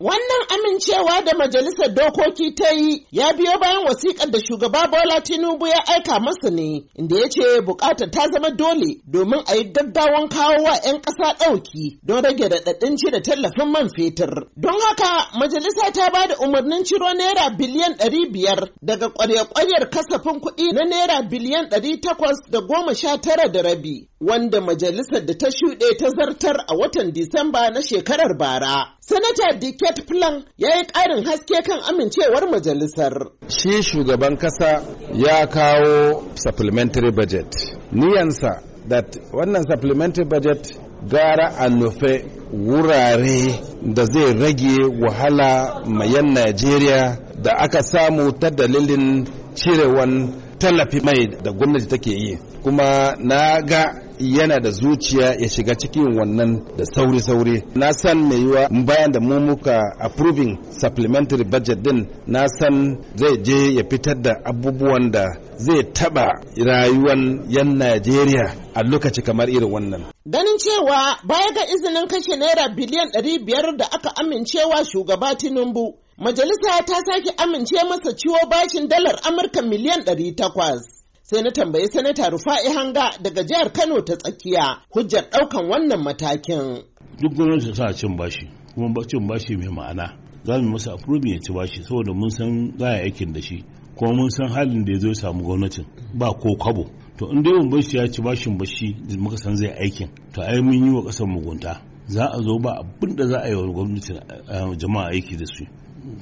Wannan amincewa da majalisar dokoki ta yi ya biyo bayan wasiƙar da shugaba Bola Tinubu ya aika masa ne, inda ya ce bukatar ta zama dole domin a yi gaggawan kawo wa 'yan ƙasa ɗauki don rage raɗaɗin da tallafin man fetur. Don haka majalisa ta ba da umarnin ciro naira biliyan ɗari biyar daga ƙwarya-ƙwaryar kasafin kuɗi na naira biliyan ɗari takwas da goma sha tara da rabi. Wanda majalisar da ta shuɗe ta zartar a watan Disamba na shekarar bara. Sanata Diket Plan ya yi ƙarin haske kan amincewar majalisar. Shi shugaban kasa ya kawo supplementary budget. Niyansa that wannan supplementary budget gara a nufe wurare da zai rage wahala mayan Najeriya da aka samu ta dalilin cirewan tallafi mai da gwamnati take yi. Kuma na ga yana da zuciya ya shiga cikin wannan da sauri-sauri na san mai yiwa bayan da mu muka approving supplementary budget din na san zai je ya fitar da abubuwan da zai taba rayuwan yan Najeriya a lokaci kamar irin wannan. Ganin cewa baya ga izinin kashe naira biliyan 500 da aka amincewa shugaba Tinubu, majalisa ta sake amince masa ciwo bashin dalar Amurka miliyan 800. sai na tambayi sanata rufa'i hanga daga jihar kano ta tsakiya hujjar ɗaukan wannan matakin duk gwamnati ta cin bashi kuma cin bashi mai ma'ana za mu masa approving ya ci bashi saboda mun san za a aikin da shi kuma mun san halin da ya zo ya samu gwamnatin ba ko kwabo to in dai mun bashi ya ci bashin bashi da muka san zai aikin to ai mun yi wa kasar mugunta za a zo ba abin da za a yi wa gwamnati eh, jama'a aiki da su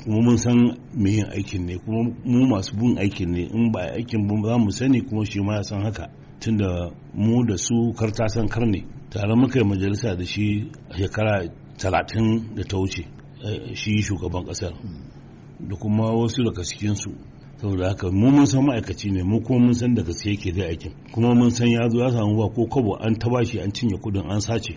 kuma mun san yin aikin ne kuma mu masu bin aikin ne in ba aikin bin za mu sani kuma shi ma ya san haka tunda mu da su karta san kar ne tare muka yi majalisa da shi a shekara talatin da ta wuce eh, shi shugaban kasar da kuma wasu daga cikinsu saboda haka mu mun san ma'aikaci ne mu kuma mun san da gaske yake zai aikin kuma mun san ya zo ya samu ba ko kwabo an taba shi an cinye kudin an sace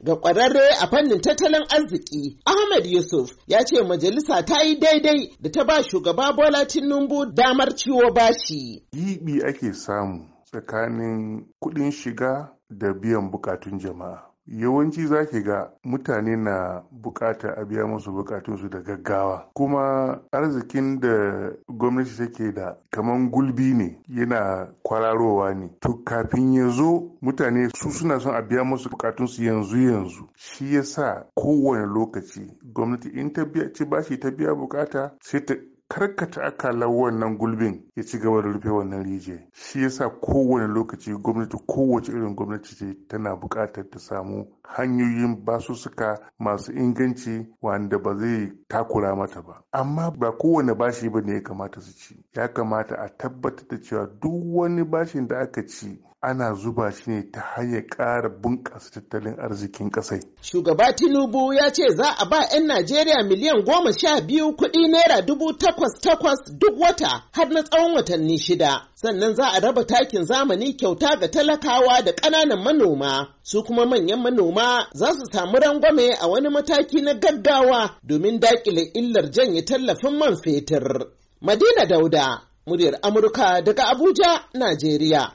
Ga ƙwararre a fannin tattalin arziki, Ahmed Yusuf ya ce majalisa ta yi daidai da ta ba shugaba Bola Tinubu damar ciwo bashi. Gibi ake samu tsakanin kuɗin shiga da biyan bukatun jama'a. yawanci za ki ga mutane na bukata a biya musu bukatunsu da gaggawa kuma arzikin da gwamnati take da kamar gulbi ne yana kwararowa ne to kafin ya zo mutane su suna son a biya musu bukatunsu yanzu yanzu shi ya yasa kowane lokaci gwamnati in ta biya ci bashi ta biya bukata sai ta karkata akalar wannan gulbin ya ci gaba da rufe wannan rijiya shi yasa kowane lokaci gwamnati kowace irin gwamnati ce tana bukatar ta samu hanyoyin basussuka masu inganci wanda ba zai takura mata ba amma ba kowane bashi ba ne ya kamata su ci ya kamata a tabbatar da cewa duk wani bashin da aka ci ana zuba shi ne ta hanyar ƙara bunƙasa tattalin arzikin ƙasai. Shugaba Tinubu ya ce za a ba 'yan Najeriya miliyan goma sha biyu kuɗi naira dubu takwas takwas duk wata har na tsawon watanni shida. Sannan za a raba takin zamani kyauta ga talakawa da ƙananan manoma su kuma manyan manoma kuma za su samu rangwame a wani mataki na gaggawa domin daƙile illar janye tallafin man fetur. Madina Dauda, muryar Amurka daga Abuja, Najeriya.